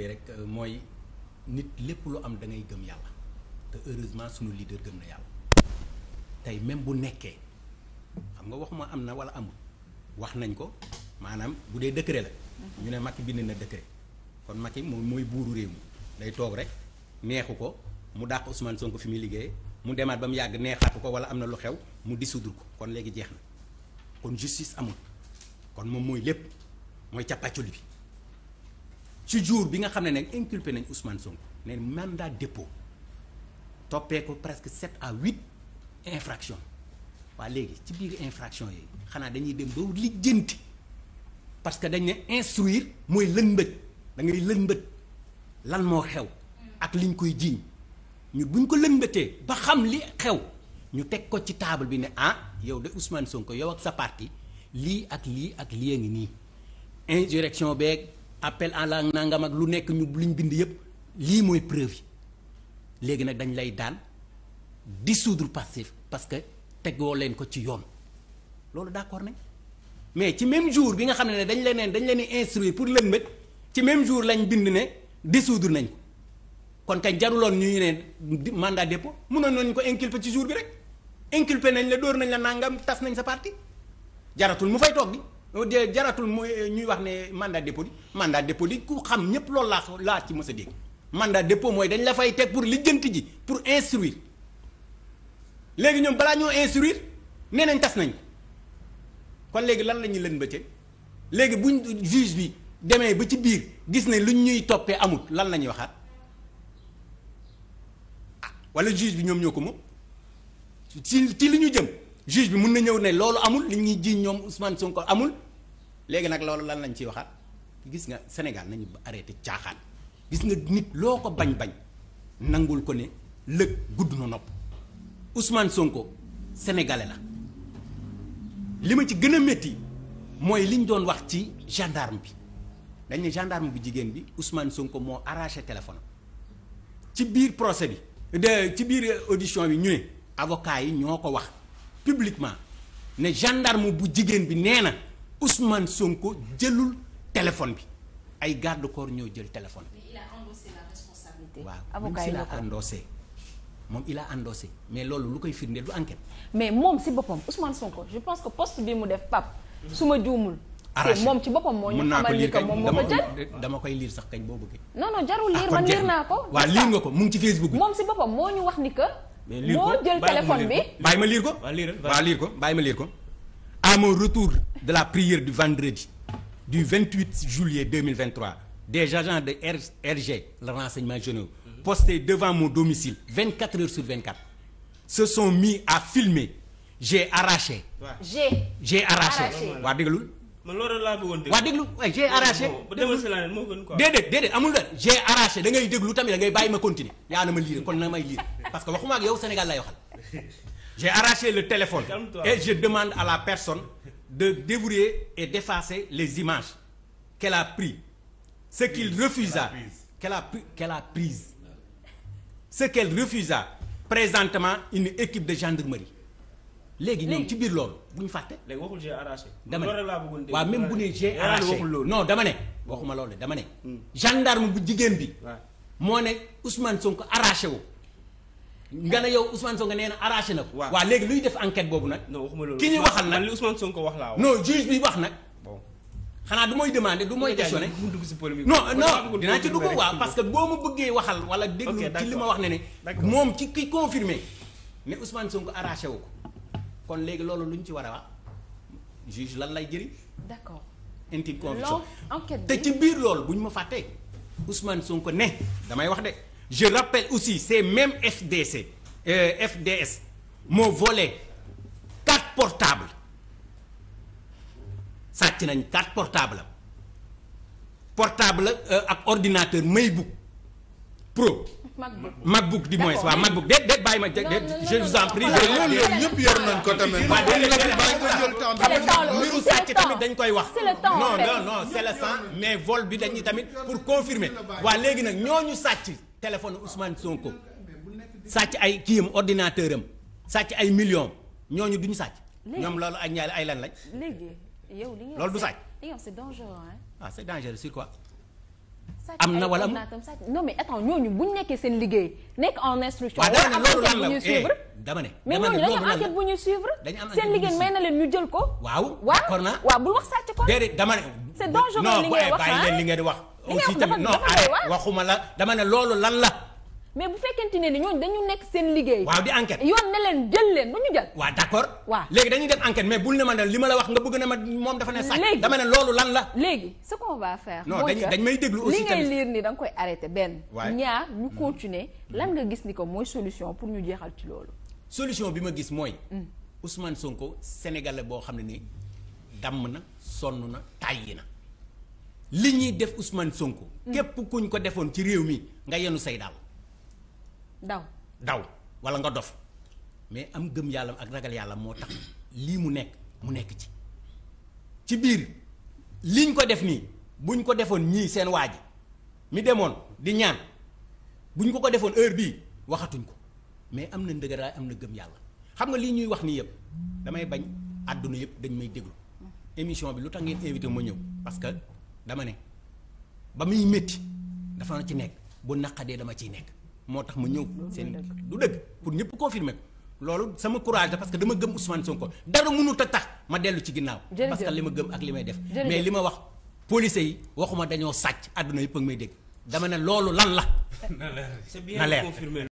tëjee rek euh, mooy nit lépp lu am da ngay gëm yàlla te heureusement sunu leader gëm na yàlla tey même bu nekkee xam nga waxuma am na wala amul wax nañ ko maanaam bu dee décret la. Mhm. ñu ne Macky bind na décret kon Macky moom mooy buuru réew mi day toog rek neexu ko mu dàq Ousmane Sonko fi muy liggéey mu demaat ba mu yàgg neexaatu ko wala am na lu xew mu dissoudre ko kon léegi jeex na kon justice amul kon moom mooy lépp mooy càppaculi bi. ci jour bi nga xam ne nag inculpé nañ Ousmane Sonko ne mandat dépôt toppee ko presque sept à huit infraction waa léegi ci biir infraction yooyu xanaa dañuy dem ba lijjanti parce que dañ ne instruire mooy lëñbët da ngay lëñbët lan moo xew ak liñ koy jiiñ ñu buñ ko lëñbëtee ba xam li xew ñu teg ko ci taabal bi ne ah yow de Ousmane Sonko yow ak sa parti lii ak lii ak lii a ngi nii insurrection beeg appel en langue nangam ak lu nekk ñu luñ bind yëpp lii mooy preuve yi léegi nag dañ lay daan dissoudre Pastef parce que tegoo leen ko ci yoon loolu d'accord nañ mais ci même jour bi nga xam ne dañ leen dañ leen instruire pour lën lënbët ci même jour lañ bind ne dissoudre nañ ko kon kañ jaruloon ñu ne mandat dépôt mënoon nañ ko inculper ci jour bi rek inculper nañ la dóor nañ la nangam tas nañ sa parti jaratul mu fay toog di Euh, de jaratul mooy euh, ñuy wax ne mandat dépôt di mandat dépôt di ku xam ñëpp loolu laa laa ci mës a dégg mandat dépôt mooy dañ la fay teg pour lijjanti ji pour instruire léegi ñoom balaa ñoo instruire nee nañ tas nañ kon léegi lan la ñuy lën bëccëg léegi buñ juge bi demee ba ci biir gis ne luñ ñuy toppee amut lan la ñuy waxaat ah, wala juge bi ñoom ñoo ko moom ci ci li ñu jëm. juge bi mun na ñëw ne loolu amul li ñuy jiiñ ñoom Ousmane Sonko amul léegi nag loolu lan lañ ciy waxaat gis nga Sénégal nañu arrêté caaxaan gis nga nit loo ko bañ bañ nangul ko ne lëg gudd na nopp Ousmane Sonko sénégalais la li ma ci gën a métti mooy li liñ doon wax ci gendarme bi dañ ne gendarme bu jigéen bi Ousmane Sonko moo arraché téléphone ci biir procès bi de ci biir audition bi ñu ne avocat yi ñoo ko wax. publiquement ne gendarme bu jigéen bi nee na Ousmane Sonko jëlul téléphone bi ay garde corps ñoo jël téléphone bi. mais il a la responsabilité. waaw même s'il a endossé moom loolu lu koy firndeel du enquête. mais moom si boppam Ousmane Sonko je pense que poste bi mu def pap mm-hmm. su ma juumul. arraché moom ci boppam moo ñu xamal ni que moom moo ko dama koy liir sax kañ boo bëggee. non jarul ah, liir man liir naa ko. waaw liir nga ko mu ci Facebook moom si boppam moo ñu wax ni mais liir ko jël téléphone bi bàyyi ma liir ko. waaw liir waaw liir ko bàyyi ma liir ko. à mon retour de la prière du vendredi du 28 juillet 2023 des agents de RG le renseignement généraux mhm. postés devant mon domicile 24 heures sur 24 se sont mis à filmer j'ai arraché. waaw j'ai j'ai arraché waa déglul. man loolu laa bëggoon déglu waa déglu waaye j'ai arraché. déedéet déedéet amul la j'ai arraché da ngay déglu tamit da ngay bàyyi ma continuer yaa na ma liir kon na may liir. parce que waxuma ak yow Sénégal lay waxal j'ai arraché le téléphone et je demande à la personne de débrouiller et d'effacer les images qu'elle a prises ce qu'il refusa qu'elle a pris qu'elle a prise ce qu'elle refusa présentement une équipe de gendarmerie léegi ñoom ci biir loolu bu ñu fàtte. léegi waxul j'ai arraché. dama ne waaw même bu ne j'ai arraché non dama ne waxuma loolu dama ne. Hmm. gendarme bu jigéen bi. moo ne Ousmane Sonko arraché wu. nga ne yow Ousmane Sonko nee na arraché na ko. waaw waaw léegi luy def enquête boobu nag. non waxuma loolu ki ñu waxal nag li Ousmane Sonko wax laa wax. non juge bi wax nag. xanaa du mooy demandé du mooy questionné non non dinaa ci dugg waaw parce que boo ma bëggee waxal wala déglu ci li ma wax ne ne moom ci ki confirmé ne Ousmane Sonko arraché wu ko kon léegi loolu lu ñu ci war a wax juge lan lay jëriñ d'accord intime conviction te ci biir lool bu ñu ma fàttee usman Ousmane ko ne damay wax de je rappelle aussi ces mêmes FDC euh, FDS moo volé quatre portables sàcc nañ quatre portable portable euh, ak ordinateur MacBook Pro MacBook di moins waaw MacBook déet déet bàyyi ma déet je vous en prie. loolu yëpp ñëpp yor nañ ko tamit. waaw déedéet mbiru sàcc tamit dañ koy wax. non non non c'est le mais vol bi dañuy tamit pour confirmer waa léegi nag ñu sàcc téléphone Ousmane Sonko sàcc ay kii kiyam ordinateur am sàcc ay millions ñu duñu sàcc. ñoom loolu ak ñaari ay ñaar lañ. léegi yow li nga wax loolu du sàcc. Ah, quoi. am na wala non mais attends ñooñu bu ñu nekkee seen liggéey nekk en instruction. waaw eh, dama ne loolu lan la ne. mais ñooñu dañu am enquête bu ñuy suivre. dañu am seen leen ñu jël ko. waaw d'accord naa waaw bul wax sàcc kon. déedéet dama ne. c'est dangereux ah. leen li ngeen di wax. aussi tamit non waxuma la dama ne loolu lan la. mais bu fekkente ne ni ñooñu dañu nekk seen liggéey. waaw di enquête yoon ne leen jël leen nu ñu jël. waaw d'accord. waaw léegi dañuy def enquête mais bul ne ma ne li ma la wax nga bëgg ne ma moom dafa ne. sax dama ne loolu lan la. léegi ce qu'on va faire. non dañ dañ may déglu aussi tamit li ngay liir ni da nga koy arrêté benn. ñaar ñu mm. continuer lan nga gis ni ko mooy solution pour ñu jeexal ci loolu. solution bi ma gis mooy. Mm. Ousmane Sonko sénégalais boo xam ne nii damm na sonn na tàyyi na li ñuy def Ousmane Sonko. Mm. képp kuñ ko defoon ci réew mi nga yenu say daal daw daw wala nga dof mais am gëm yàllam ak ragal yàlla moo tax lii mu nekk mu nekk ci ci biir liñ ko def nii buñ ko defoon ñii seen waa ji mi demoon di ñaan buñ ko ko defoon heure bii waxatuñ ko mais am na ndëgëraay am na gëm yàlla xam nga lii ñuy wax nii yëpp damay bañ àdduna yëpp dañ may déglu émission bi lu tax ngeen invité ma ñëw parce que dama ne ba muy métti dafa na ci nekk bu naqadee dama ciy nekk moo tax ma ñëw seen du dëgg pour ñëpp confirmer ko loolu sama courage la parce dama gëm Ousmane Sonko dara mënut a tax ma dellu ci ginnaaw parce li ma gëm ak li may def mais li ma wax police yi waxuma dañoo sàcc àdduna yëpp ak may dégg dama ne loolu lan la na leer